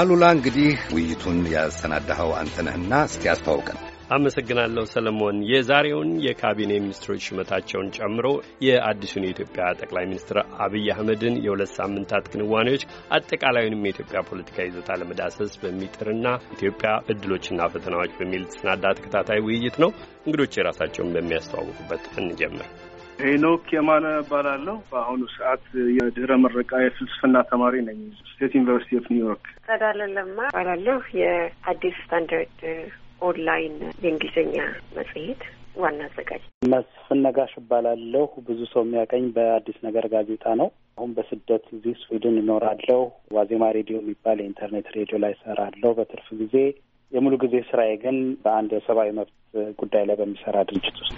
አሉላ፣ እንግዲህ ውይይቱን ያሰናዳኸው አንተነህና እስኪ ያስተዋውቀን። አመሰግናለሁ ሰለሞን። የዛሬውን የካቢኔ ሚኒስትሮች ሹመታቸውን ጨምሮ የአዲሱን የኢትዮጵያ ጠቅላይ ሚኒስትር አብይ አህመድን የሁለት ሳምንታት ክንዋኔዎች አጠቃላዩንም የኢትዮጵያ ፖለቲካ ይዘታ ለመዳሰስ በሚጥርና ኢትዮጵያ እድሎችና ፈተናዎች በሚል የተሰናዳ ተከታታይ ውይይት ነው። እንግዶች የራሳቸውን በሚያስተዋውቁበት እንጀምር። ሄኖክ የማነ እባላለሁ። በአሁኑ ሰዓት የድህረ ምረቃ የፍልስፍና ተማሪ ነኝ ስቴት ዩኒቨርሲቲ ኦፍ ኒውዮርክ። ጸዳለ ለማ እባላለሁ። የአዲስ ስታንዳርድ ኦንላይን የእንግሊዝኛ መጽሔት ዋና አዘጋጅ። መስፍን ነጋሽ እባላለሁ። ብዙ ሰው የሚያቀኝ በአዲስ ነገር ጋዜጣ ነው። አሁን በስደት እዚህ ስዊድን እኖራለሁ። ዋዜማ ሬዲዮ የሚባል የኢንተርኔት ሬዲዮ ላይ ሰራለሁ በትርፍ ጊዜ። የሙሉ ጊዜ ስራዬ ግን በአንድ የሰብአዊ መብት ጉዳይ ላይ በሚሰራ ድርጅት ውስጥ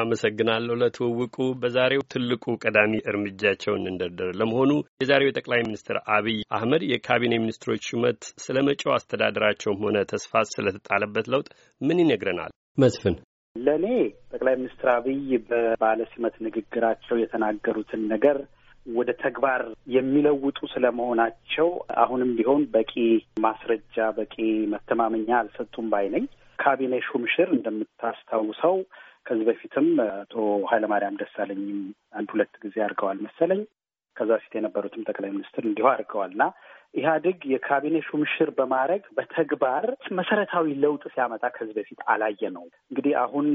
አመሰግናለሁ ለትውውቁ። በዛሬው ትልቁ ቀዳሚ እርምጃቸውን እንደርደር። ለመሆኑ የዛሬው የጠቅላይ ሚኒስትር አብይ አህመድ የካቢኔ ሚኒስትሮች ሹመት ስለ መጪው አስተዳደራቸውም ሆነ ተስፋ ስለተጣለበት ለውጥ ምን ይነግረናል? መስፍን፣ ለእኔ ጠቅላይ ሚኒስትር አብይ በባለሲመት ንግግራቸው የተናገሩትን ነገር ወደ ተግባር የሚለውጡ ስለመሆናቸው አሁንም ቢሆን በቂ ማስረጃ፣ በቂ መተማመኛ አልሰጡም ባይ ነኝ። ካቢኔ ሹምሽር እንደምታስታውሰው ከዚህ በፊትም አቶ ኃይለማርያም ደሳለኝም አንድ ሁለት ጊዜ አድርገዋል መሰለኝ። ከዛ በፊት የነበሩትም ጠቅላይ ሚኒስትር እንዲሁ አድርገዋል እና ኢህአዴግ የካቢኔ ሹምሽር በማድረግ በተግባር መሰረታዊ ለውጥ ሲያመጣ ከዚህ በፊት አላየ ነው። እንግዲህ አሁን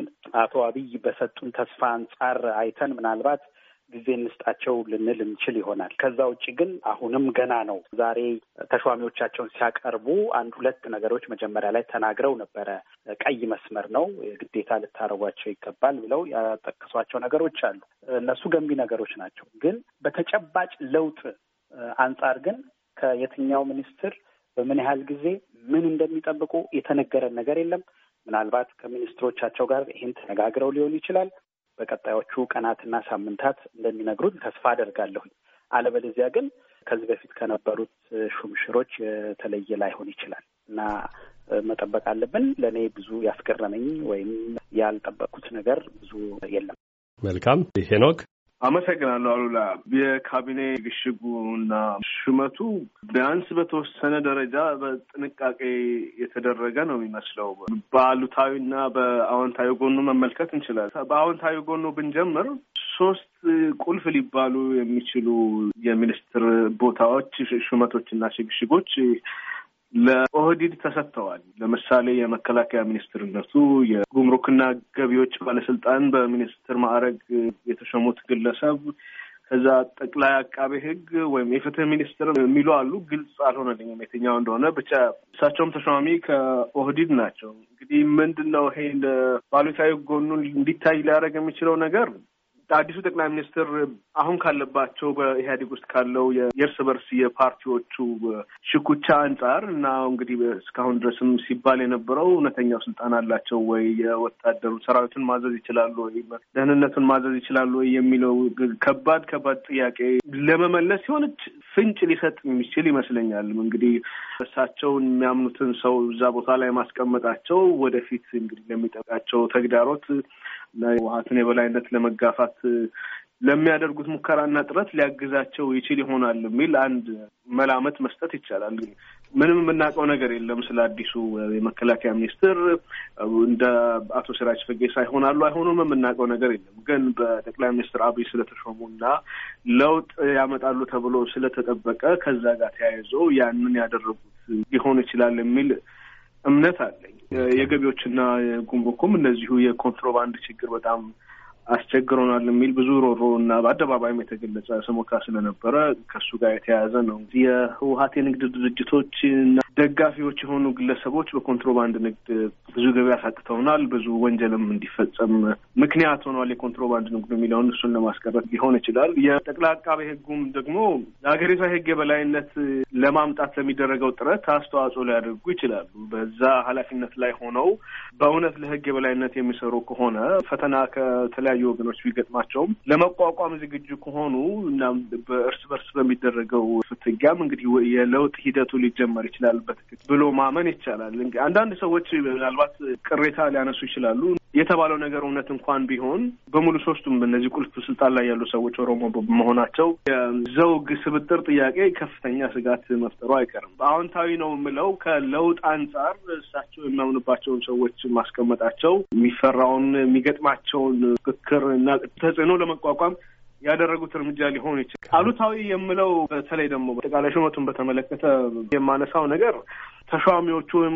አቶ አብይ በሰጡን ተስፋ አንጻር አይተን ምናልባት ጊዜ እንስጣቸው ልንል እንችል ይሆናል። ከዛ ውጭ ግን አሁንም ገና ነው። ዛሬ ተሿሚዎቻቸውን ሲያቀርቡ አንድ ሁለት ነገሮች መጀመሪያ ላይ ተናግረው ነበረ። ቀይ መስመር ነው ግዴታ ልታረጓቸው ይገባል ብለው ያጠቀሷቸው ነገሮች አሉ። እነሱ ገንቢ ነገሮች ናቸው። ግን በተጨባጭ ለውጥ አንጻር ግን ከየትኛው ሚኒስትር በምን ያህል ጊዜ ምን እንደሚጠብቁ የተነገረን ነገር የለም። ምናልባት ከሚኒስትሮቻቸው ጋር ይህን ተነጋግረው ሊሆን ይችላል። በቀጣዮቹ ቀናትና ሳምንታት እንደሚነግሩት ተስፋ አደርጋለሁኝ። አለበለዚያ ግን ከዚህ በፊት ከነበሩት ሹምሽሮች የተለየ ላይሆን ይችላል እና መጠበቅ አለብን። ለእኔ ብዙ ያስገረመኝ ወይም ያልጠበቅኩት ነገር ብዙ የለም። መልካም ሄኖክ አመሰግናለሁ አሉላ። የካቢኔ ሽግሽጉና ሹመቱ ቢያንስ በተወሰነ ደረጃ በጥንቃቄ የተደረገ ነው የሚመስለው። በአሉታዊና በአዎንታዊ ጎኑ መመልከት እንችላለን። በአዎንታዊ ጎኑ ብንጀምር ሶስት ቁልፍ ሊባሉ የሚችሉ የሚኒስትር ቦታዎች እና ሽግሽጎች ለኦህዲድ ተሰጥተዋል። ለምሳሌ የመከላከያ ሚኒስትርነቱ፣ የጉምሩክና ገቢዎች ባለስልጣን በሚኒስትር ማዕረግ የተሸሙት ግለሰብ ከዛ ጠቅላይ አቃቤ ሕግ ወይም የፍትህ ሚኒስትር የሚሉ አሉ። ግልጽ አልሆነልኝም የትኛው እንደሆነ ብቻ። እሳቸውም ተሿሚ ከኦህዲድ ናቸው። እንግዲህ ምንድን ነው ይሄ ባሉታዊ ጎኑን እንዲታይ ሊያደርግ የሚችለው ነገር አዲሱ ጠቅላይ ሚኒስትር አሁን ካለባቸው በኢህአዴግ ውስጥ ካለው የእርስ በርስ የፓርቲዎቹ ሽኩቻ አንጻር እና እንግዲህ እስካሁን ድረስም ሲባል የነበረው እውነተኛው ስልጣን አላቸው ወይ፣ የወታደሩ ሰራዊቱን ማዘዝ ይችላሉ ወይ፣ ደህንነቱን ማዘዝ ይችላሉ ወይ የሚለው ከባድ ከባድ ጥያቄ ለመመለስ የሆነች ፍንጭ ሊሰጥ የሚችል ይመስለኛል። እንግዲህ እሳቸው የሚያምኑትን ሰው እዛ ቦታ ላይ ማስቀመጣቸው ወደፊት እንግዲህ ለሚጠቃቸው ተግዳሮት እና የበላይነት ለመጋፋት ለሚያደርጉት ሙከራና ጥረት ሊያግዛቸው ይችል ይሆናል የሚል አንድ መላመት መስጠት ይቻላል። ምንም የምናውቀው ነገር የለም ስለ አዲሱ የመከላከያ ሚኒስትር እንደ አቶ ሲራጅ ፈጌሳ ይሆናሉ አይሆኑም የምናውቀው ነገር የለም። ግን በጠቅላይ ሚኒስትር አብይ ስለተሾሙና ለውጥ ያመጣሉ ተብሎ ስለተጠበቀ ከዛ ጋር ተያይዞ ያንን ያደረጉት ሊሆን ይችላል የሚል እምነት አለኝ። የገቢዎችና ጉምሩኩም እነዚሁ የኮንትሮባንድ ችግር በጣም አስቸግሮናል የሚል ብዙ ሮሮ እና በአደባባይም የተገለጸ ስሞካ ስለነበረ ከሱ ጋር የተያያዘ ነው። የህወሀት የንግድ ድርጅቶች እና ደጋፊዎች የሆኑ ግለሰቦች በኮንትሮባንድ ንግድ ብዙ ገበያ አሳጥተውናል፣ ብዙ ወንጀልም እንዲፈጸም ምክንያት ሆኗል የኮንትሮባንድ ንግዱ የሚለውን እሱን ለማስቀረት ሊሆን ይችላል። የጠቅላይ አቃቤ ሕጉም ደግሞ ለሀገሪቷ የሕግ የበላይነት ለማምጣት ለሚደረገው ጥረት አስተዋጽኦ ሊያደርጉ ይችላሉ። በዛ ኃላፊነት ላይ ሆነው በእውነት ለሕግ የበላይነት የሚሰሩ ከሆነ ፈተና ከተለያዩ ወገኖች ቢገጥማቸውም ለመቋቋም ዝግጁ ከሆኑ እና በእርስ በርስ በሚደረገው ፍትጊያም እንግዲህ የለውጥ ሂደቱ ሊጀመር ይችላል። አለበት ብሎ ማመን ይቻላል። አንዳንድ ሰዎች ምናልባት ቅሬታ ሊያነሱ ይችላሉ። የተባለው ነገር እውነት እንኳን ቢሆን በሙሉ ሶስቱም እነዚህ ቁልፍ ስልጣን ላይ ያሉ ሰዎች ኦሮሞ በመሆናቸው የዘውግ ስብጥር ጥያቄ ከፍተኛ ስጋት መፍጠሩ አይቀርም። አዎንታዊ ነው የምለው ከለውጥ አንጻር እሳቸው የሚያምኑባቸውን ሰዎች ማስቀመጣቸው የሚፈራውን የሚገጥማቸውን ክክር እና ተጽዕኖ ለመቋቋም ያደረጉት እርምጃ ሊሆን ይችላል። አሉታዊ የምለው በተለይ ደግሞ አጠቃላይ ሹመቱን በተመለከተ የማነሳው ነገር ተሿሚዎቹ ወይም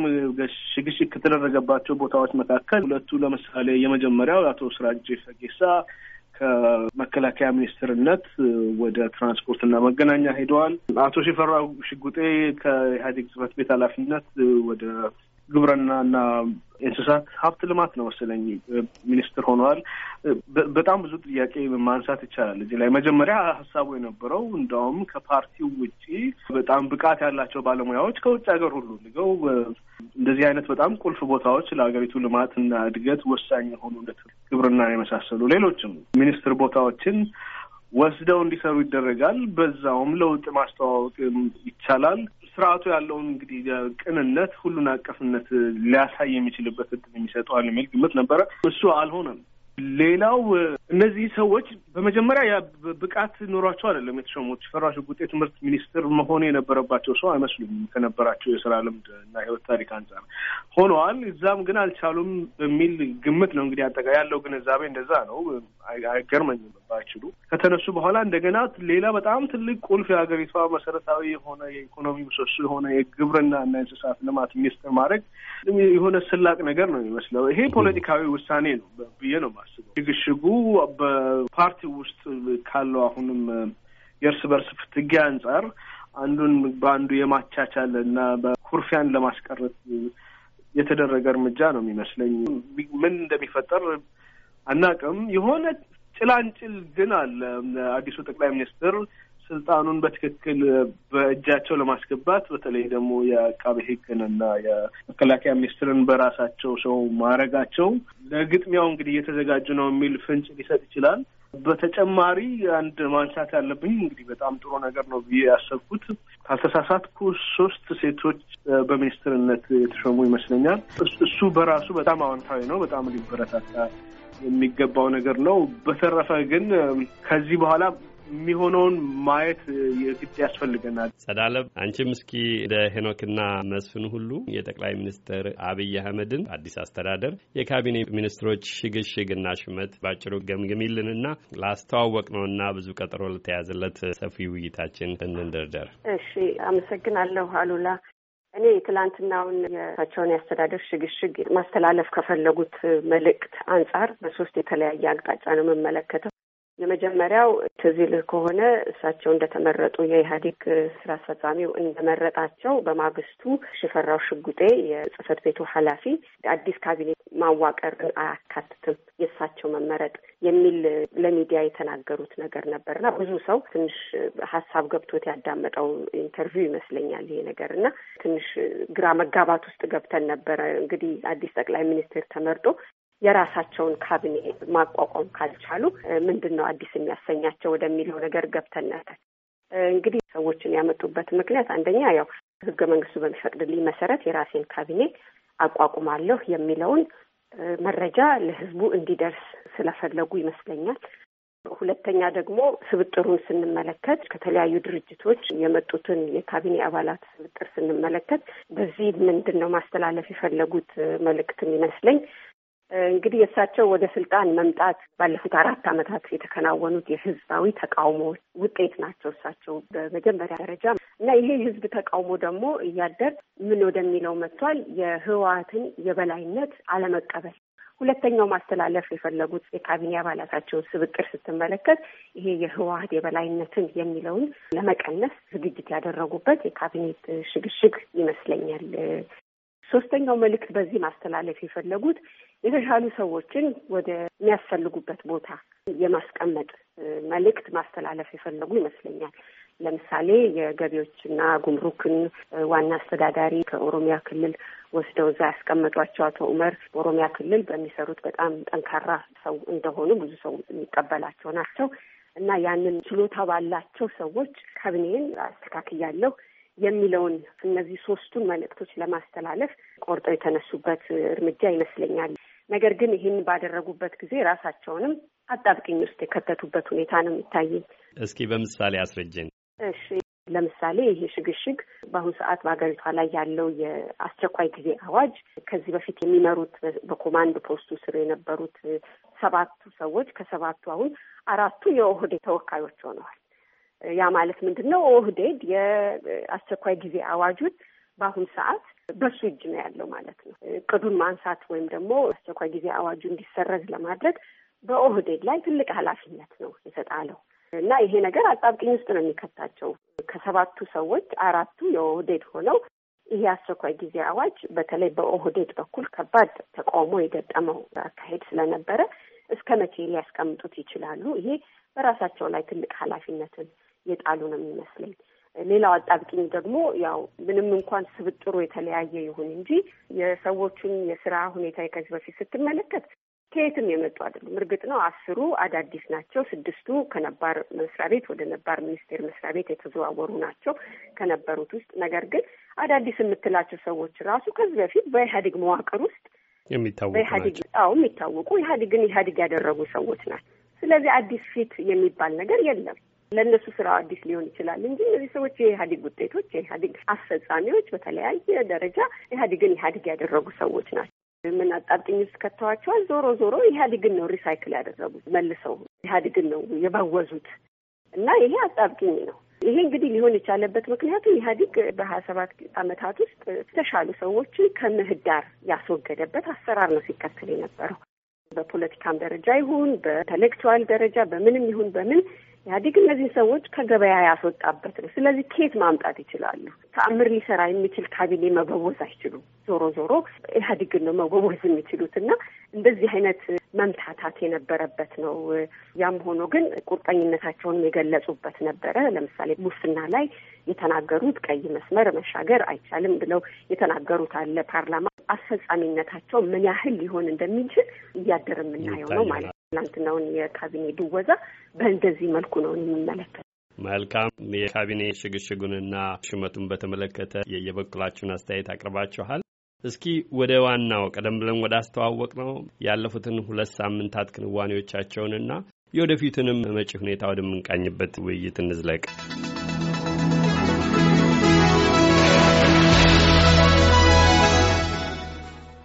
ሽግሽግ ከተደረገባቸው ቦታዎች መካከል ሁለቱ ለምሳሌ የመጀመሪያው አቶ ስራጅ ፈጌሳ ከመከላከያ ሚኒስትርነት ወደ ትራንስፖርትና መገናኛ ሄደዋል። አቶ ሽፈራው ሽጉጤ ከኢህአዴግ ጽህፈት ቤት ኃላፊነት ወደ ግብርናና እንስሳት ሀብት ልማት ነው መሰለኝ ሚኒስትር ሆነዋል። በጣም ብዙ ጥያቄ ማንሳት ይቻላል እዚህ ላይ። መጀመሪያ ሀሳቡ የነበረው እንደውም ከፓርቲው ውጪ በጣም ብቃት ያላቸው ባለሙያዎች ከውጭ ሀገር ሁሉ ልገው እንደዚህ አይነት በጣም ቁልፍ ቦታዎች ለሀገሪቱ እና እድገት ወሳኝ የሆኑ ግብርና የመሳሰሉ ሌሎችም ሚኒስትር ቦታዎችን ወስደው እንዲሰሩ ይደረጋል። በዛውም ለውጥ ማስተዋወቅ ይቻላል። ስርዓቱ ያለውን እንግዲህ ቅንነት፣ ሁሉን አቀፍነት ሊያሳይ የሚችልበት እድል የሚሰጠዋል የሚል ግምት ነበረ። እሱ አልሆነም። ሌላው እነዚህ ሰዎች በመጀመሪያ ብቃት ኖሯቸው አይደለም የተሾሙት። ፈራሽ ጉጤ ትምህርት ሚኒስትር መሆን የነበረባቸው ሰው አይመስሉም ከነበራቸው የስራ ልምድ እና ህይወት ታሪክ አንጻር ሆነዋል። እዛም ግን አልቻሉም በሚል ግምት ነው እንግዲህ አጠቃ ያለው ግንዛቤ እንደዛ ነው። አይገርመኝም ባይችሉ ከተነሱ በኋላ እንደገና ሌላ በጣም ትልቅ ቁልፍ የሀገሪቷ መሰረታዊ የሆነ የኢኮኖሚ ምሰሶ የሆነ የግብርና እና የእንስሳት ልማት ሚኒስትር ማድረግ የሆነ ስላቅ ነገር ነው የሚመስለው። ይሄ ፖለቲካዊ ውሳኔ ነው ብዬ ነው የማስበው። ሽግሽጉ በፓርቲ ውስጥ ካለው አሁንም የእርስ በርስ ፍትጊያ አንጻር አንዱን በአንዱ የማቻቻል እና በኩርፊያን ለማስቀረት የተደረገ እርምጃ ነው የሚመስለኝ። ምን እንደሚፈጠር አናቅም። የሆነ ጭላንጭል ግን አለ። አዲሱ ጠቅላይ ሚኒስትር ስልጣኑን በትክክል በእጃቸው ለማስገባት በተለይ ደግሞ የአቃቤ ሕግንና የመከላከያ ሚኒስትርን በራሳቸው ሰው ማድረጋቸው ለግጥሚያው እንግዲህ እየተዘጋጁ ነው የሚል ፍንጭ ሊሰጥ ይችላል። በተጨማሪ አንድ ማንሳት ያለብኝ እንግዲህ በጣም ጥሩ ነገር ነው ብዬ ያሰብኩት ካልተሳሳትኩ ሶስት ሴቶች በሚኒስትርነት የተሾሙ ይመስለኛል። እሱ በራሱ በጣም አዎንታዊ ነው፣ በጣም ሊበረታታ የሚገባው ነገር ነው። በተረፈ ግን ከዚህ በኋላ የሚሆነውን ማየት የግድ ያስፈልገናል። ጸዳለም አንቺም እስኪ እንደ ሄኖክና መስፍን ሁሉ የጠቅላይ ሚኒስትር አብይ አህመድን አዲስ አስተዳደር የካቢኔ ሚኒስትሮች ሽግሽግና ሽመት ባጭሩ ገምግሚልንና ላስተዋወቅ ነውና ብዙ ቀጠሮ ለተያዘለት ሰፊ ውይይታችን እንንደርደር። እሺ፣ አመሰግናለሁ አሉላ። እኔ ትላንትናውን የእሳቸውን የአስተዳደር ሽግሽግ ማስተላለፍ ከፈለጉት መልእክት አንጻር በሶስት የተለያየ አቅጣጫ ነው የምመለከተው። የመጀመሪያው ትዝ ይልህ ከሆነ እሳቸው እንደተመረጡ የኢህአዴግ ስራ አስፈጻሚው እንደመረጣቸው በማግስቱ ሽፈራው ሽጉጤ የጽህፈት ቤቱ ኃላፊ አዲስ ካቢኔት ማዋቀርን አያካትትም የእሳቸው መመረጥ የሚል ለሚዲያ የተናገሩት ነገር ነበርና ብዙ ሰው ትንሽ ሀሳብ ገብቶት ያዳመጠው ኢንተርቪው ይመስለኛል ይሄ ነገር እና ትንሽ ግራ መጋባት ውስጥ ገብተን ነበረ። እንግዲህ አዲስ ጠቅላይ ሚኒስትር ተመርጦ የራሳቸውን ካቢኔ ማቋቋም ካልቻሉ ምንድን ነው አዲስ የሚያሰኛቸው ወደሚለው ነገር ገብተን ነበር። እንግዲህ ሰዎችን ያመጡበት ምክንያት አንደኛ ያው ህገ መንግስቱ በሚፈቅድልኝ መሰረት የራሴን ካቢኔ አቋቁማለሁ የሚለውን መረጃ ለህዝቡ እንዲደርስ ስለፈለጉ ይመስለኛል። ሁለተኛ ደግሞ ስብጥሩን ስንመለከት ከተለያዩ ድርጅቶች የመጡትን የካቢኔ አባላት ስብጥር ስንመለከት በዚህ ምንድን ነው ማስተላለፍ የፈለጉት መልእክትም የሚመስለኝ እንግዲህ የእሳቸው ወደ ስልጣን መምጣት ባለፉት አራት ዓመታት የተከናወኑት የህዝባዊ ተቃውሞዎች ውጤት ናቸው። እሳቸው በመጀመሪያ ደረጃ እና ይሄ ህዝብ ተቃውሞ ደግሞ እያደር ምን ወደሚለው መጥቷል፣ የህወሓትን የበላይነት አለመቀበል። ሁለተኛው ማስተላለፍ የፈለጉት የካቢኔ አባላታቸውን ስብቅር ስትመለከት ይሄ የህወሓት የበላይነትን የሚለውን ለመቀነስ ዝግጅት ያደረጉበት የካቢኔት ሽግሽግ ይመስለኛል። ሶስተኛው መልእክት በዚህ ማስተላለፍ የፈለጉት የተሻሉ ሰዎችን ወደ የሚያስፈልጉበት ቦታ የማስቀመጥ መልእክት ማስተላለፍ የፈለጉ ይመስለኛል። ለምሳሌ የገቢዎችና ጉምሩክን ዋና አስተዳዳሪ ከኦሮሚያ ክልል ወስደው እዛ ያስቀመጧቸው አቶ ኡመር በኦሮሚያ ክልል በሚሰሩት በጣም ጠንካራ ሰው እንደሆኑ ብዙ ሰው የሚቀበላቸው ናቸው እና ያንን ችሎታ ባላቸው ሰዎች ካቢኔን አስተካክያለሁ የሚለውን እነዚህ ሶስቱን መልእክቶች ለማስተላለፍ ቆርጠው የተነሱበት እርምጃ ይመስለኛል። ነገር ግን ይህን ባደረጉበት ጊዜ ራሳቸውንም አጣብቅኝ ውስጥ የከተቱበት ሁኔታ ነው የሚታየኝ። እስኪ በምሳሌ አስረጅን። እሺ፣ ለምሳሌ ይሄ ሽግሽግ በአሁኑ ሰዓት በሀገሪቷ ላይ ያለው የአስቸኳይ ጊዜ አዋጅ ከዚህ በፊት የሚመሩት በኮማንድ ፖስቱ ስር የነበሩት ሰባቱ ሰዎች ከሰባቱ አሁን አራቱ የኦህዴድ ተወካዮች ሆነዋል። ያ ማለት ምንድን ነው? ኦህዴድ የአስቸኳይ ጊዜ አዋጁን በአሁን ሰዓት በሱ እጅ ነው ያለው ማለት ነው። እቅዱን ማንሳት ወይም ደግሞ አስቸኳይ ጊዜ አዋጁ እንዲሰረዝ ለማድረግ በኦህዴድ ላይ ትልቅ ኃላፊነት ነው የተጣለው እና ይሄ ነገር አጣብቂኝ ውስጥ ነው የሚከታቸው። ከሰባቱ ሰዎች አራቱ የኦህዴድ ሆነው ይሄ አስቸኳይ ጊዜ አዋጅ በተለይ በኦህዴድ በኩል ከባድ ተቃውሞ የገጠመው አካሄድ ስለነበረ እስከ መቼ ሊያስቀምጡት ይችላሉ? ይሄ በራሳቸው ላይ ትልቅ ኃላፊነትን የጣሉ ነው የሚመስለኝ። ሌላው አጣብቂኝ ደግሞ ያው ምንም እንኳን ስብጥሩ የተለያየ ይሁን እንጂ የሰዎቹን የስራ ሁኔታ ከዚህ በፊት ስትመለከት ከየትም የመጡ አይደሉም። እርግጥ ነው አስሩ አዳዲስ ናቸው። ስድስቱ ከነባር መስሪያ ቤት ወደ ነባር ሚኒስቴር መስሪያ ቤት የተዘዋወሩ ናቸው ከነበሩት ውስጥ። ነገር ግን አዳዲስ የምትላቸው ሰዎች ራሱ ከዚህ በፊት በኢህአዴግ መዋቅር ውስጥ የሚታወቁ አዎ የሚታወቁ ኢህአዴግን ኢህአዴግ ያደረጉ ሰዎች ናቸው። ስለዚህ አዲስ ፊት የሚባል ነገር የለም። ለእነሱ ስራው አዲስ ሊሆን ይችላል እንጂ እነዚህ ሰዎች የኢህአዴግ ውጤቶች፣ የኢህአዴግ አስፈጻሚዎች በተለያየ ደረጃ ኢህአዴግን ኢህአዴግ ያደረጉ ሰዎች ናቸው። ምን አጣብጥኝ ውስጥ ከተዋቸዋል። ዞሮ ዞሮ ኢህአዴግን ነው ሪሳይክል ያደረጉት፣ መልሰው ኢህአዴግን ነው የባወዙት እና ይሄ አጣብቅኝ ነው። ይሄ እንግዲህ ሊሆን የቻለበት ምክንያቱ ኢህአዴግ በሀያ ሰባት አመታት ውስጥ የተሻሉ ሰዎች ከምህዳር ያስወገደበት አሰራር ነው ሲከተል የነበረው። በፖለቲካም ደረጃ ይሁን በኢንተሌክቹዋል ደረጃ በምንም ይሁን በምን ኢህአዴግ እነዚህ ሰዎች ከገበያ ያስወጣበት ነው። ስለዚህ ከየት ማምጣት ይችላሉ? ተአምር ሊሰራ የሚችል ካቢኔ መበወዝ አይችሉም። ዞሮ ዞሮ ኢህአዴግን ነው መበወዝ የሚችሉት እና እንደዚህ አይነት መምታታት የነበረበት ነው። ያም ሆኖ ግን ቁርጠኝነታቸውን የገለጹበት ነበረ። ለምሳሌ ሙስና ላይ የተናገሩት ቀይ መስመር መሻገር አይቻልም ብለው የተናገሩት አለ። ፓርላማ አስፈጻሚነታቸው ምን ያህል ሊሆን እንደሚችል እያደር የምናየው ነው ማለት ነው። ትናንትናውን የካቢኔ ድወዛ በእንደዚህ መልኩ ነው የምመለከት። መልካም የካቢኔ ሽግሽጉንና ሹመቱን በተመለከተ የየበኩላችሁን አስተያየት አቅርባችኋል። እስኪ ወደ ዋናው ቀደም ብለን ወደ አስተዋወቅ ነው ያለፉትን ሁለት ሳምንታት ክንዋኔዎቻቸውንና የወደፊቱንም መጪ ሁኔታ ወደምንቃኝበት ውይይት እንዝለቅ።